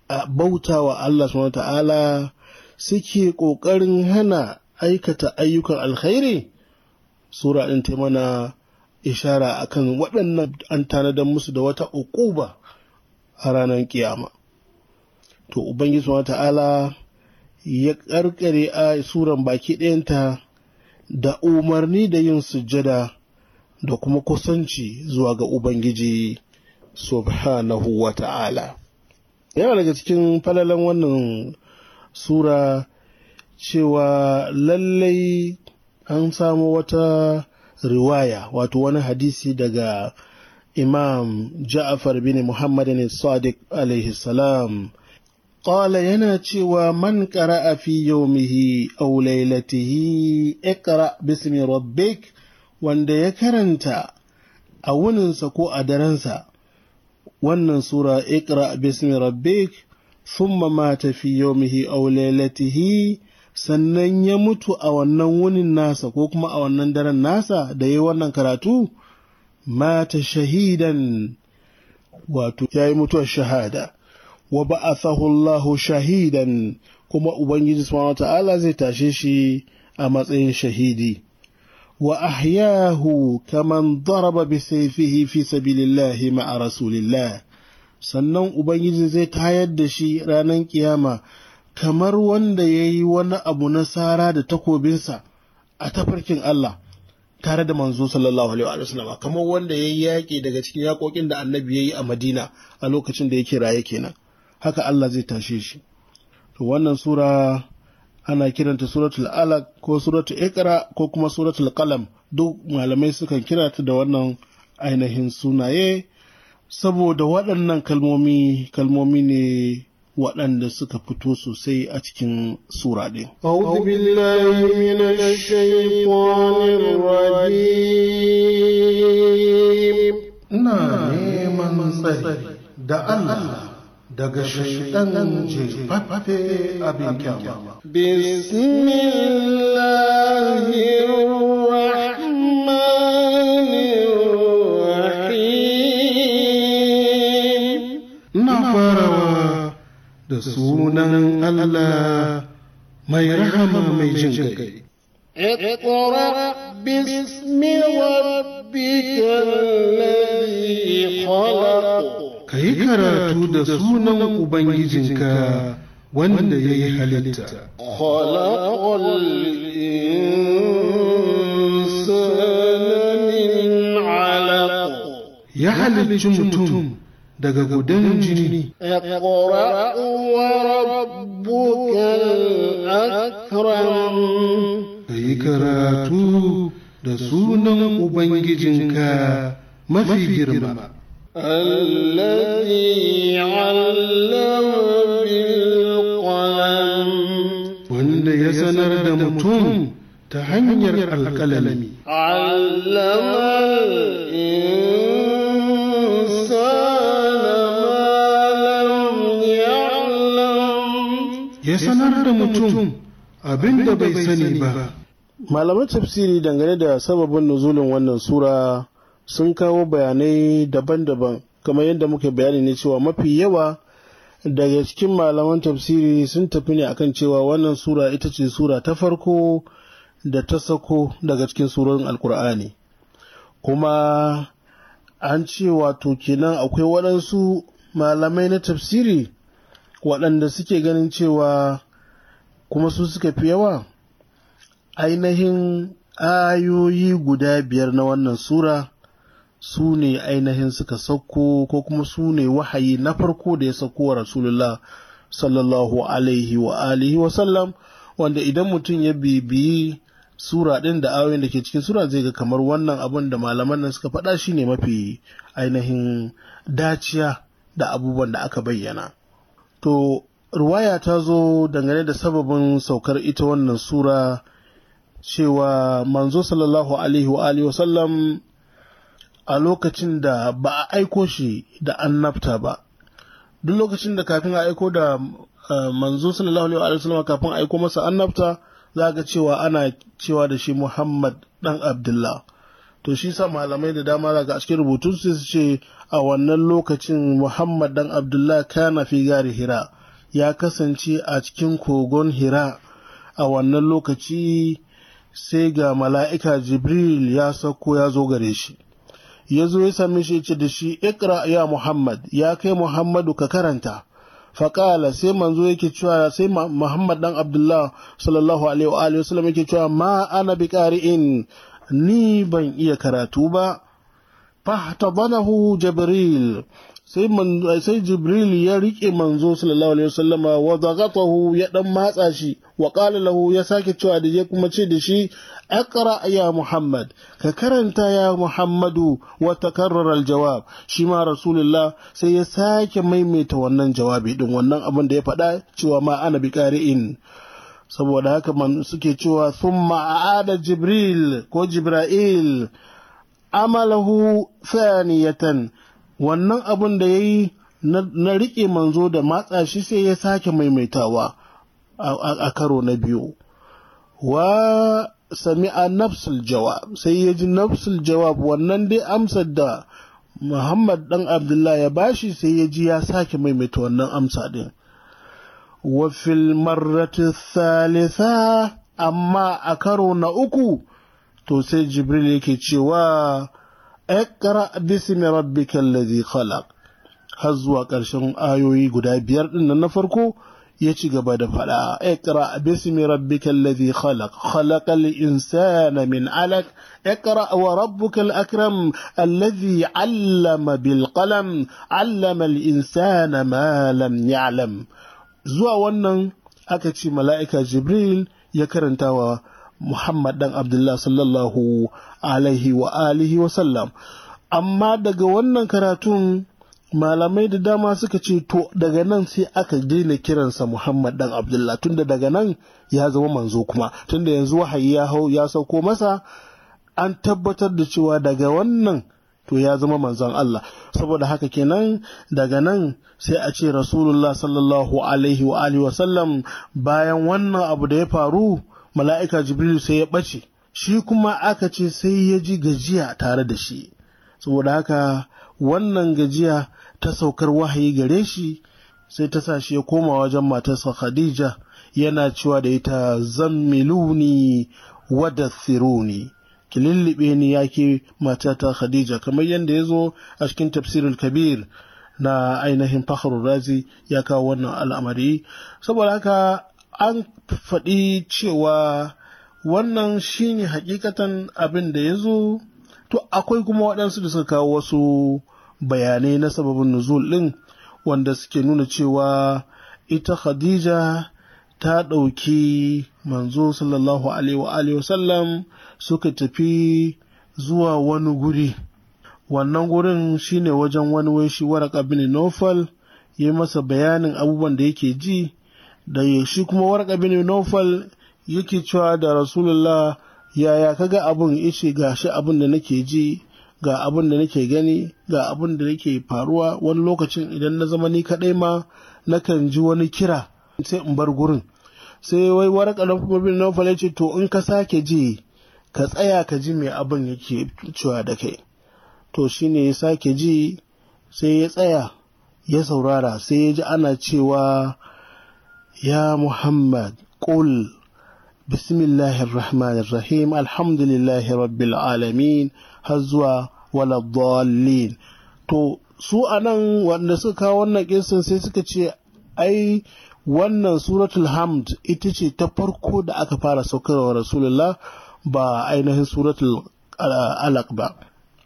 a bauta wa Allah subhanahu ta'ala suke ƙoƙarin hana aikata ayyukan alkhairi sura ɗin ta mana ishara akan waɗannan an tanadar musu da wata uquba a ranar kiyama to ubangiji wa ta'ala ya karkare a suran baki ɗayanta da umarni da yin sujjada da kuma kusanci zuwa ga ubangiji subhanahu wa ta'ala yana daga cikin falalan wannan sura cewa lallai an samu wata riwaya wato wani hadisi daga imam ja'afar bin muhammad ne sadiq alaihi salam قال yana cewa man qara'a fi yawmihi aw laylatihi iqra bismi rabbik wanda ya karanta a wuninsa ko a darensa wannan sura iqra bismi rabbik thumma mata fi yawmihi aw laylatihi sannan ya mutu a wannan wunin nasa ko kuma a wannan daren nasa da ya yi wannan karatu mata shahidan wato ya yi mutuwar shahada wa ba'athahu Allahu shahidan kuma ubangiji subhanahu ta'ala zai tashe shi a matsayin shahidi wa ahyahu kaman daraba bi sayfihi fi sabilillahi ma'a rasulillah sannan ubangiji zai tayar da shi ranar kiyama kamar wanda ya yi wani abu na sara da takobinsa a tafarkin Allah tare da manzo sallallahu alaihi wasallam kamar wanda ya yi yaƙi daga cikin yaƙoƙin da annabi ya yi a Madina a lokacin da yake raye kenan haka Allah zai tashe shi to wannan sura ana kiranta suratul alaq ko suratul iqra ko kuma suratul qalam duk malamai sukan kira da wannan ainihin sunaye saboda waɗannan kalmomi kalmomi ne waɗanda suka fito sosai a cikin sura ɗin. Ina neman tsari da Allah daga shaidan jefaffe abin kyama. Bismillahirrahmanirrahim. da sunan Allah mai rahama mai jin kai. اقرأ باسم ربك الذي خلق كي كراتو da sunan ubangijinka wanda yayi halitta خلق الإنسان من علق ya halicci mutum daga gudun jini ka yi karatu da sunan ubangijinka mafi girma الذي wanda ya sanar da mutum ta hanyar alƙalami. Allama ya sanar da mutum abin da bai sani ba malaman tafsiri dangane da sababin nuzulin wannan sura sun kawo bayanai daban-daban kamar yadda muke bayani ne cewa mafi yawa daga cikin malaman tafsiri sun tafi ne akan cewa wannan sura ita ce sura ta farko da ta sako daga cikin surorin alkur'ani kuma an ce wato kenan akwai waɗansu malamai na tafsiri waɗanda suke ganin cewa kuma su suka fi yawa ainihin ayoyi guda biyar na wannan sura su ne ainihin suka sauko ko kuma su ne wahayi na farko da ya sauko wa rasulullah sallallahu alaihi wa alihi wa sallam wanda idan mutum ya bibiyi sura ɗin da ayoyin da ke cikin sura zai ga kamar wannan abin da malaman nan suka faɗa shine mafi ainihin daciya da abubuwan da aka bayyana to ruwaya ta zo dangane da sababin saukar ita wannan sura cewa manzo sallallahu alaihi wa wasallam a lokacin da ba a aiko shi da annabta ba duk lokacin da kafin a aiko da eh, manzo sallallahu alaihi wa wasallam kafin a aiko masa annabta za ga cewa ana cewa da shi muhammad dan abdullah to shi sa malamai da dama daga cikin rubutun su ce a wannan lokacin muhammad dan abdullah kana fi gari hira ya kasance a cikin kogon hira a wannan lokaci sai ga mala'ika jibril ya sauko ya zo gare shi ya zo ya sami shi ce da shi ikra ya muhammad ya kai muhammadu ka karanta faƙala sai manzo yake cewa sai muhammad dan abdullah sallallahu alaihi wa sallam yake cewa ma ana bi ƙari'in ni ban iya karatu ba fahtadanahu jibril sai jibril ya rike manzo sallallahu alaihi wasallama wa ya ɗan matsa shi wa qala lahu ya sake cewa da ya kuma ce da shi aqra ya muhammad ka karanta ya muhammadu wata takarrara aljawab shi ma rasulullah sai ya sake maimaita wannan jawabi din wannan abin da ya faɗa cewa ma ana biqari'in saboda haka man suke cewa thumma a'ada jibril ko jibra'il amalahu thaniyatan wannan abun da yayi na riƙe manzo da matsa shi sai ya sake maimaitawa a karo na biyu wa sami'a nafsul jawab sai ya ji nafsul jawab wannan dai amsar da muhammad dan abdullahi ya bashi sai ya ji ya sake maimaita wannan amsa din وفي المرة الثالثة أما أكرو نأكو توسي جبريل كتشوا اقرأ باسم ربك الذي خلق هزوا كرشن آيوي قدا بيار إن نفركو يشي قبادة فلا اقرأ باسم ربك الذي خلق خلق الإنسان من علق اقرأ وربك الأكرم الذي علم بالقلم علم الإنسان ما لم يعلم zuwa wannan aka ce mala'ika jibril ya karanta wa muhammad dan abdullah sallallahu alaihi wa alihi wa sallam amma daga wannan karatun malamai da dama suka ce to daga nan sai aka daina kiransa Muhammad dan Abdullah tunda daga nan ya zama manzo kuma tunda yanzu wahayi ya hau ya sauko masa an tabbatar da cewa daga wannan to ya zama manzon Allah saboda haka kenan daga nan sai a ce rasulullah sallallahu alaihi wa alihi wasallam bayan wannan abu da ya faru mala'ika jibril sai ya ɓace shi kuma aka ce sai ya ji gajiya tare da shi saboda haka wannan gajiya ta saukar wahayi gare shi sai ta sa shi ya koma wajen matarsa khadija yana cewa da ita zammiluni wadathiruni ki lullube ni ya ke matata khadija kamar yadda ya zo a cikin tafsirin kabir na ainihin fakhrul razi ya kawo wannan al'amari saboda haka an faɗi cewa wannan shine hakikatan abin da ya zo to akwai kuma waɗansu da suka kawo wasu bayanai na sababin nuzul ɗin wanda suke nuna cewa ita khadija ta ɗauki manzo sallallahu alaihi wa sallam suka tafi zuwa wani guri wannan gurin shine wajen wani wai shi waraka bin nofal ya yi masa bayanin abubuwan da yake ji da shi kuma waraka bin nofal yake cewa da rasulullah yaya kaga abin ishe ga shi abun da nake ji ga abun da nake gani ga abun da nake faruwa wani lokacin idan na zama ni kaɗai ma nakan ji wani kira sai in bar gurin sai wai waraka bin nofal ya ce to in ka sake ji ka tsaya ka ji me abin yake cewa da kai to shi ne ya sake ji sai ya tsaya ya saurara sai ya ji ana cewa ya muhammad ƙul bismillahir rahmanir rahim alhamdulillahi rabbil alamin har zuwa waladdallin to su anan wanda suka kawo wannan kisan sai suka ce ai wannan suratul hamd ita ce ta farko da aka fara saukarwa rasulullah ba ainihin suratul alaq ba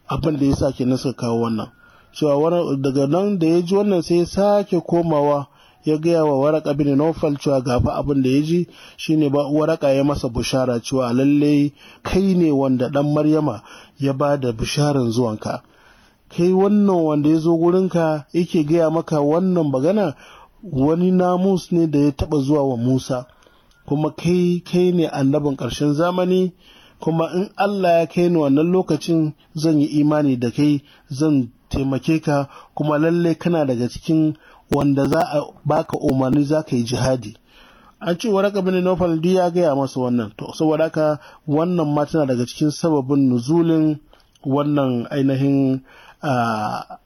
abin da ya sa nasa kawo wannan cewa daga nan da ya ji wannan sai ya sake komawa ya gaya wa waraka bin Nawfal cewa gafa abin da ya ji shine ba waraka ya masa bushara cewa lalle kai ne wanda dan Maryama ya ba da bisharan zuwanka kai wannan wanda ya zo gurinka yake gaya maka wannan magana wani namus ne da ya taba zuwa wa Musa kuma kai kai ne annabin ƙarshen zamani kuma in Allah ya kai ni wannan lokacin zan yi imani da kai zan taimake ka kuma lalle kana daga cikin wanda za a baka umarni za ka yi jihadi an ce raka bin duk ya gaya masa wannan to saboda haka wannan ma tana daga cikin sababin nuzulin wannan ainihin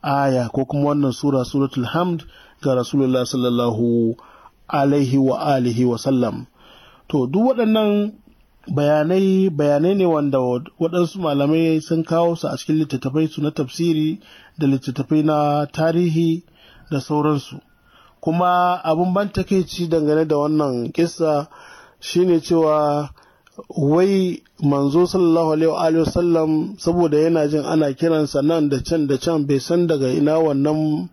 aya ko kuma wannan sura suratul hamd ga rasulullah sallallahu alaihi wa alihi wa sallam to duk waɗannan bayanai bayanai ne wanda waɗansu malamai sun kawo su a cikin littattafai su na tafsiri da littattafai na tarihi da sauransu kuma abin ban takeici dangane da wannan kissa shine cewa wai manzo sallallahu alaihi wa sallam saboda yana jin ana kiransa nan da can da can bai san daga ina wannan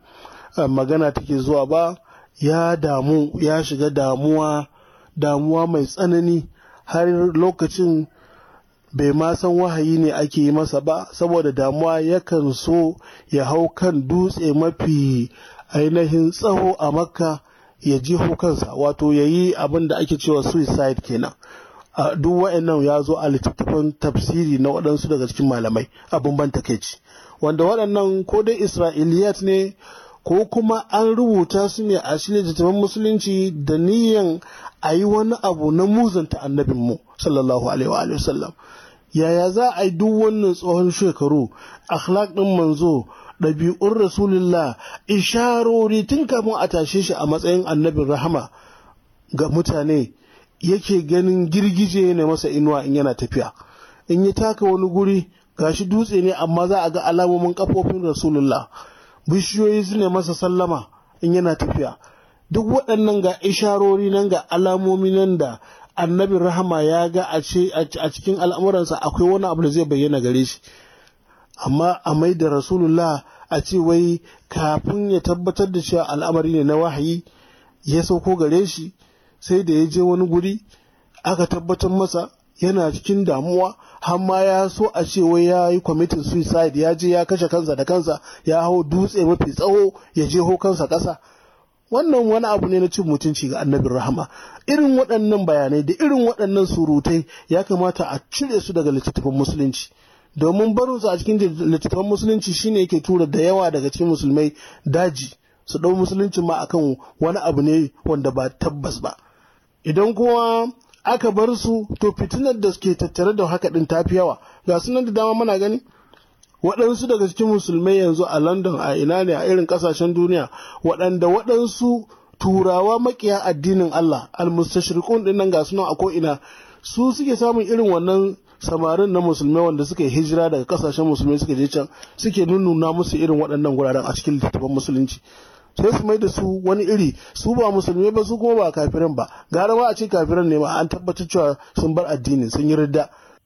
eh, magana take zuwa ba ya damu ya shiga damuwa damuwa mai tsanani har lokacin bai ma san wahayi ne ake yi masa ba saboda damuwa yakan so ya hau kan dutse mafi ainihin tsaho a makka ya ji kansa wato ya yi abin da ake cewa suicide kenan a duk wa'annan ya zo a littattafan tafsiri na waɗansu daga cikin malamai abin ban takeici wanda waɗannan ko dai isra'iliyat ne ko kuma an rubuta su ne a shi littattafan musulunci da niyyan a yi wani abu na muzanta annabin mu sallallahu alaihi wa sallam yaya za a yi duk wannan tsohon shekaru akhlaq din manzo ɗabi'un rasulullah isharori tun kafin a tashe shi a matsayin annabin rahama ga mutane yake ganin girgije ne masa inuwa in yana tafiya in ya taka wani guri ga shi dutse ne amma za a ga alamomin kafofin rasulullah bishiyoyi su ne masa sallama in yana tafiya duk waɗannan ga isharori nan ga alamomi nan da annabin rahama ya ga a cikin al'amuransa akwai wani abu da zai bayyana gare shi amma a mai da rasulullah a ce wai kafin ya tabbatar da cewa al'amari ne na wahayi ya sauko gare shi sai da ya je wani guri aka tabbatar masa yana cikin damuwa har ma ya so a ce wai ya yi kwamitin suicide ya je ya kashe kansa da kansa ya hau dutse mafi tsawo ya je ho kansa ƙasa wannan wani abu ne na cin mutunci ga annabin rahama irin waɗannan bayanai da irin waɗannan surutai ya kamata a cire su daga littattafan musulunci domin barin su a cikin littattafan musulunci shine yake tura da yawa daga cikin musulmai daji su ɗau musulunci ma akan wani abu ne wanda ba tabbas ba idan kuma aka bar su to fitinar da suke tattare da haka ɗin tafi yawa ga sunan da dama muna gani waɗansu daga cikin musulmai yanzu a london a ina ne a irin ƙasashen duniya waɗanda waɗansu turawa makiya addinin allah almustashriqun ɗin nan ga suna a ko'ina su suke samun irin wannan samarin na musulmai wanda suka hijira daga ƙasashen musulmai suka je can suke nunnuna musu irin waɗannan guraren a cikin littattafan musulunci sai su mai da su wani iri su ba musulmi ba su kuma ba kafirin ba gara ma a ce kafirin ne ma an tabbatar cewa sun bar addinin sun yi ridda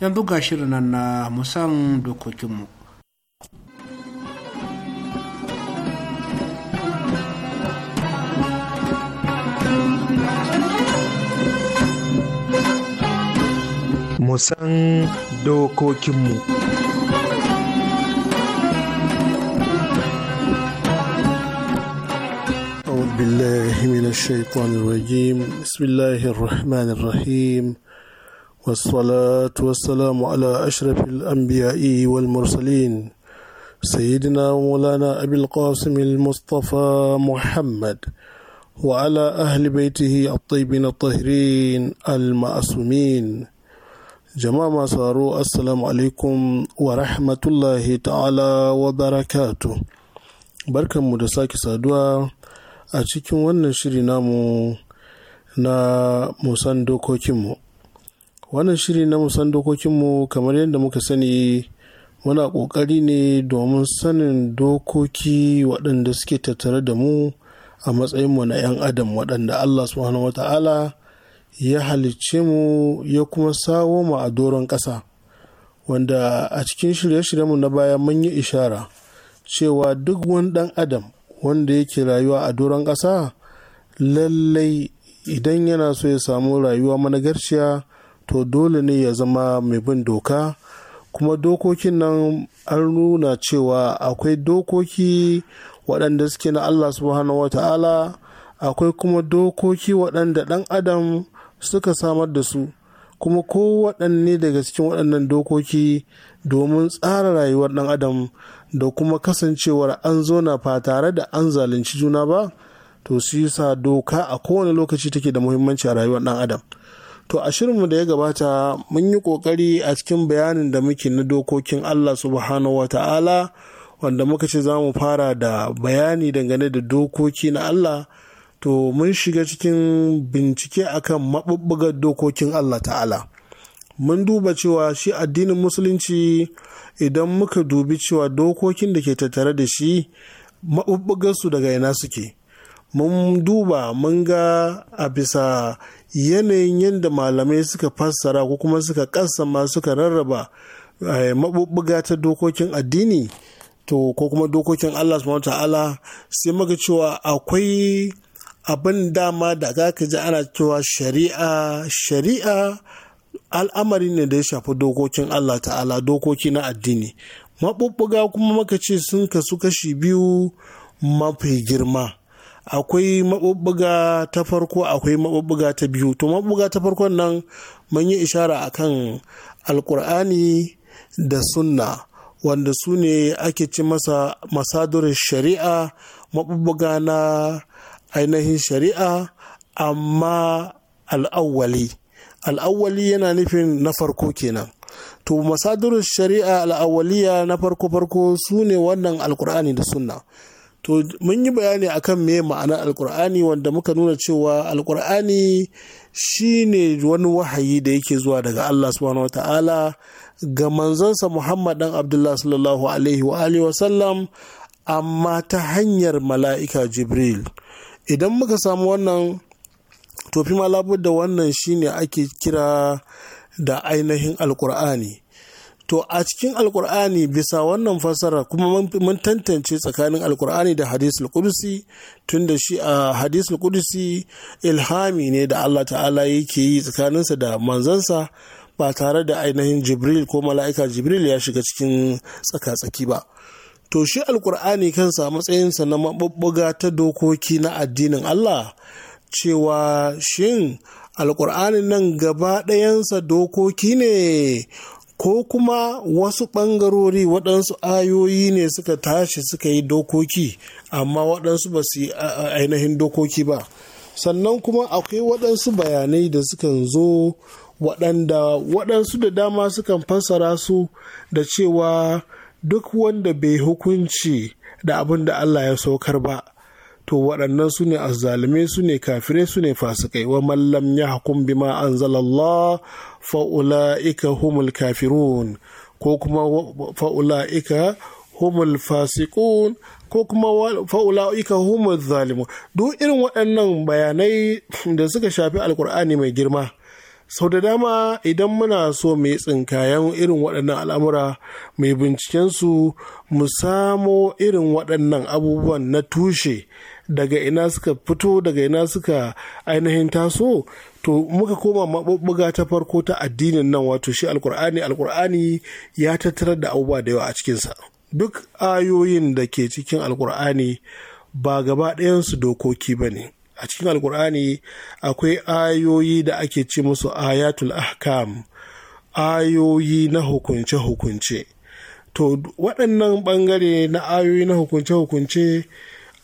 yanzu ga shirin nan na musan dokokinmu. Musan dokokinmu. أعوذ بالله من الشيطان الرجيم بسم الله الرحمن الرحيم والصلاة والسلام على أشرف الأنبياء والمرسلين سيدنا مولانا أبي القاسم المصطفى محمد وعلى أهل بيته الطيبين الطاهرين المعصومين جماعة صاروا السلام عليكم ورحمة الله تعالى وبركاته بركة مدساك سادوا أتشكي ونشري نامو na musan dokokinmu wannan shiri na musan dokokinmu kamar yadda muka sani muna ƙoƙari ne domin sanin dokoki waɗanda suke tattare da mu a matsayinmu na 'yan adam waɗanda allah subhanahu wata'ala ya halicce mu ya kuma sawo mu a doron ƙasa wanda a cikin shirye-shiryenmu na baya mun yi ishara cewa duk wani ɗan adam wanda yake rayuwa a doron ƙasa lallai idan yana so ya samu rayuwa managarciya to dole ne ya zama mai bin doka kuma dokokin nan an nuna cewa akwai dokoki waɗanda suke na Allah subhanahu wata'ala akwai kuma dokoki waɗanda ɗan adam suka samar da su kuma ko waɗanne daga cikin waɗannan dokoki domin tsara rayuwar ɗan adam da kuma kasancewar an zona ba tare da an zalunci juna ba to su yi sa doka a kowane lokaci take da muhimmanci a rayuwar ɗan adam. To a shirinmu da ya gabata mun yi ƙoƙari a cikin bayanin da muke na dokokin Allah subhanahu wa ta'ala wanda muka ce za mu fara da bayani dangane da dokoki na Allah to mun shiga cikin bincike akan maɓuɓɓugar dokokin Allah ta'ala. Mun duba cewa shi addinin musulunci idan muka dubi cewa dokokin da ke tattare da shi su daga ina suke. Mun duba mun ga a bisa yanayin yadda malamai suka fassara ko kuma suka kassama suka rarraba eh, mabubbuga ta dokokin addini to ko kuma dokokin Allah subhanahu ta'ala sai muka cewa akwai abin dama da zaka ji ana cewa shari'a shari'a al'amari ne da ya shafi dokokin Allah ta'ala dokoki na addini mabubbuga kuma muka ce sun kasu kashi biyu mafi girma akwai maɓuɓɓuga ta farko akwai maɓuɓɓuga ta biyu to maɓuɓɓuga ta farkon nan mun yi ishara akan alkur'ani da sunna wanda su ne ake ci masa masadurin shari'a maɓuɓɓuga na ainihin shari'a amma al'awwali al'awwali yana nufin na farko kenan to masadurin shari'a al'awwaliya na farko farko su ne wannan alkur'ani da sunna to mun yi bayani akan me ma'anar alkur'ani wanda muka nuna cewa alkur'ani shine wani wahayi da yake zuwa daga Allah subhanahu wata'ala ga manzansa Muhammad dan Abdullah sallallahu alaihi wa alihi wa sallam amma ta hanyar mala'ika Jibril idan muka samu wannan tofi ma da wannan shine ake kira da ainihin alkur'ani to a cikin alkur'ani bisa wannan fasara kuma mun tantance tsakanin alkur'ani da hadisul kudusi tun da shi a hadisul kudusi ilhami ne da allah ta'ala yake yi tsakaninsa da manzansa ba tare da ainihin jibril ko mala'ika jibril ya shiga cikin tsaka-tsaki ba to shi alkur'ani kansa matsayinsa na maɓuɓɓuga ta dokoki na addinin allah cewa shin alkur'anin nan gaba ɗayansa dokoki ne ko kuma wasu ɓangarori waɗansu ayoyi ne suka tashi suka yi dokoki amma waɗansu ba su yi ainihin dokoki ba sannan kuma akwai waɗansu bayanai da sukan zo waɗanda waɗansu da dama sukan fassara su da cewa duk wanda bai hukunci da abin da Allah ya saukar ba to waɗannan su ne azzalume su ne kafire su ne fasikai wa mallam ya an bima fa'ula ika humul kafirun ko kuma fa'ula ika humul fasikun ko kuma fa'ula ika humul zalimu duk irin waɗannan bayanai da suka shafi alkur'ani mai girma sau da dama idan muna so mu yi tsinkayen irin waɗannan al'amura mai su, mu samo irin waɗannan abubuwan na tushe daga ina suka fito daga ina suka ainihin taso to muka koma maɓuɓɓuga ta farko ta addinin nan wato shi alkur'ani alkur'ani ya tattara da abubuwa da yawa a cikinsa duk ayoyin da ke cikin alkur'ani ba gaba ɗayansu dokoki ba ne a cikin alkur'ani akwai ayoyi da ake ce musu ayatul ahkam ayoyi na hukunce-hukunce to waɗannan ɓangare na ayoyi na hukunce-hukunce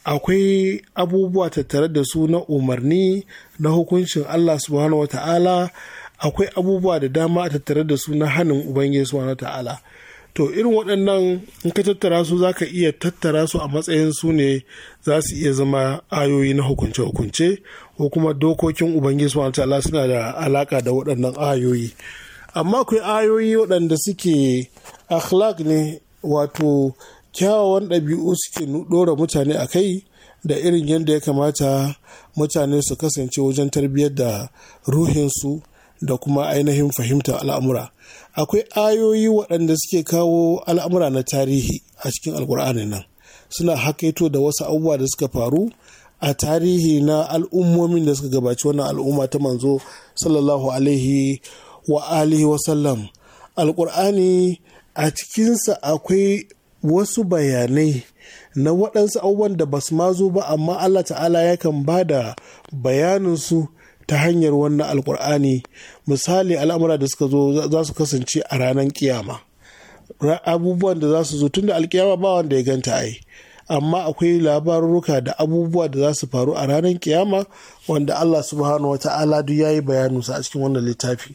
akwai abubuwa tattare da su na umarni na hukuncin allah subhanahu wa ta'ala akwai abubuwa da dama a tattare da su na hannun ubangiji subhanahu wa ta'ala to irin waɗannan in ka tattara su za ka iya tattara su a matsayin su ne za su iya zama ayoyi na hukunce-hukunce ko kuma dokokin ubangiji su ta'ala suna da alaka da waɗannan ayoyi amma akwai ayoyi waɗanda suke akhlaq ne wato kyawawan ɗabi'u suke ɗora mutane a kai da irin yadda ya kamata mutane su kasance wajen tarbiyyar da ruhinsu da kuma ainihin fahimtar al'amura akwai ayoyi waɗanda suke kawo al'amura na tarihi a cikin alkur'ani nan suna hakaito da wasu abubuwa da suka faru a tarihi na al'ummomin da suka gabaci wannan al'umma ta manzo sallallahu alaihi wa alihi wasallam alkur'ani a cikinsa akwai wasu bayanai na waɗansu abubuwan da ba su ma zo ba amma allah ta'ala ya kan ba da bayaninsu ta hanyar wannan alkur'ani misali al'amura da suka zo za su kasance a ranar kiyama abubuwan da za su zo tunda alkiyama ba wanda ya ganta ai amma akwai labaruruka da abubuwa da za su faru a ranar kiyama wanda Allah subhanahu wa ta'ala duk ya yi bayanusa a cikin wannan littafi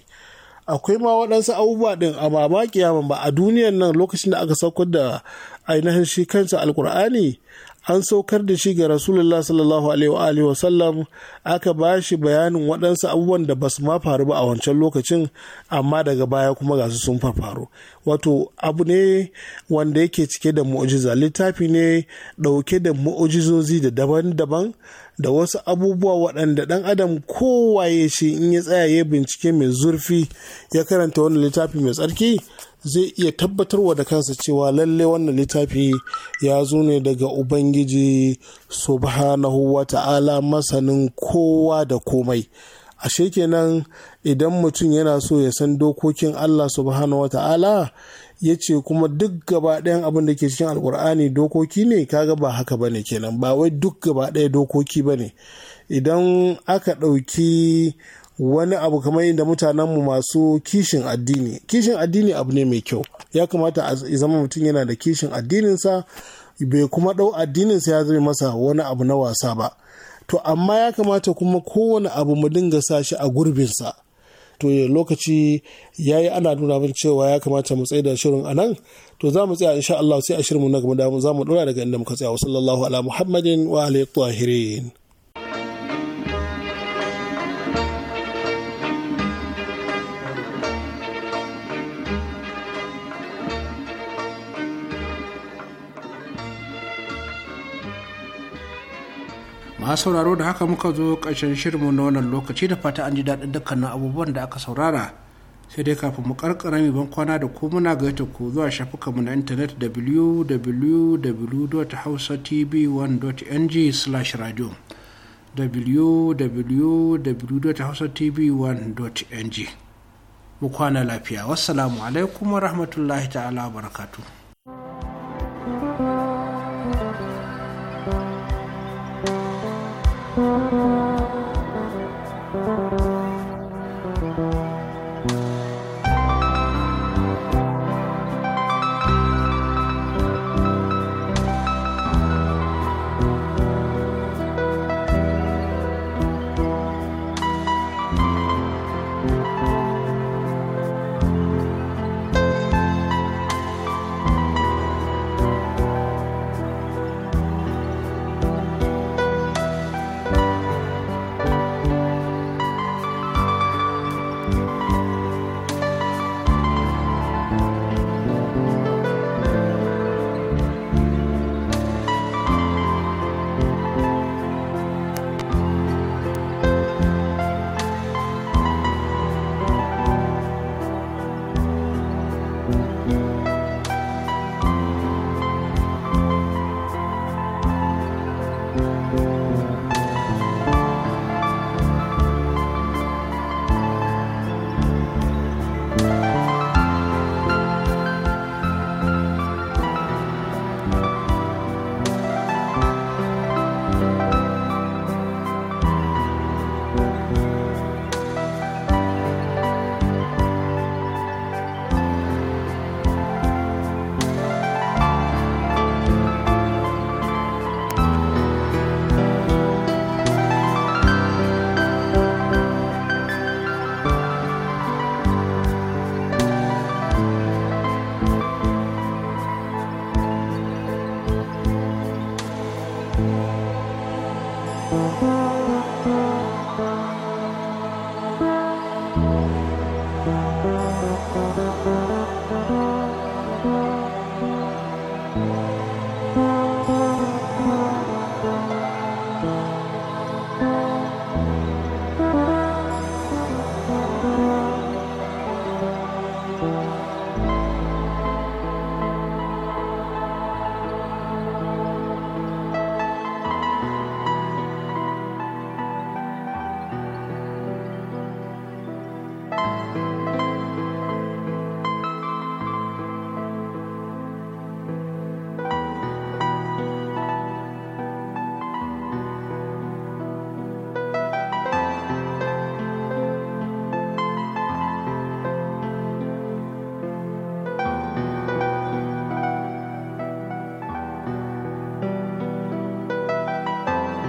akwai ma waɗansu abubuwa ɗin a ba kiyama ba a duniyan nan lokacin da aka saukar da ainihin shi kansa alkur'ani an saukar da shi ga rasulullah sallallahu alaihi wa sallam aka ba shi bayanin waɗansu abubuwan da ba su ma faru ba a wancan lokacin amma daga baya kuma ga su sun faru wato abu ne wanda yake cike da mu'ujiza littafi ne ɗauke da mu'ujizozi da daban-daban da wasu abubuwa waɗanda ɗan adam kowaye shi in ya tsaya ya bincike mai zurfi ya karanta wani littafi mai tsarki zai iya tabbatarwa da kansa cewa lalle wannan littafi ya zo ne daga ubangiji subhanahu wa ta'ala masanin kowa da komai ashe kenan idan mutum yana so ya san dokokin allah subhanahu wa ta'ala ya ce kuma duk gaba ɗayan abin da ke cikin alkur'ani dokoki ne kaga ba haka ba ne kenan ba wai duk gaba ɗaya dokoki ba ne idan aka ɗauki wani abu kamar yadda mutanenmu masu kishin addini kishin addini abu ne mai kyau ya kamata a zama mutum yana da kishin addininsa bai kuma ɗau addininsa ya zama masa wani abu na wasa ba to amma ya kamata kuma kowane abu mu dinga sa shi a gurbinsa to lokaci ya yi ana nuna min cewa ya kamata mu tsaye da shirin a nan to za mu tsaya insha Allah sai a shirin mu na gaba za mu ɗora daga inda muka tsaya wa sallallahu ala muhammadin wa alihi masu sauraro da haka muka zo ƙarshen shirinmu na wannan lokaci da fata an ji daɗin dukkanin abubuwan da aka saurara sai dai kafin mu karkara mai ban kwana da ku muna gaita ku zuwa shafukanmu na intanet www.hausatv1.ng/radio www.hausatv1.ng mu kwana lafiya wassalamu alaikum wa rahmatullahi ta'ala wa barakatuh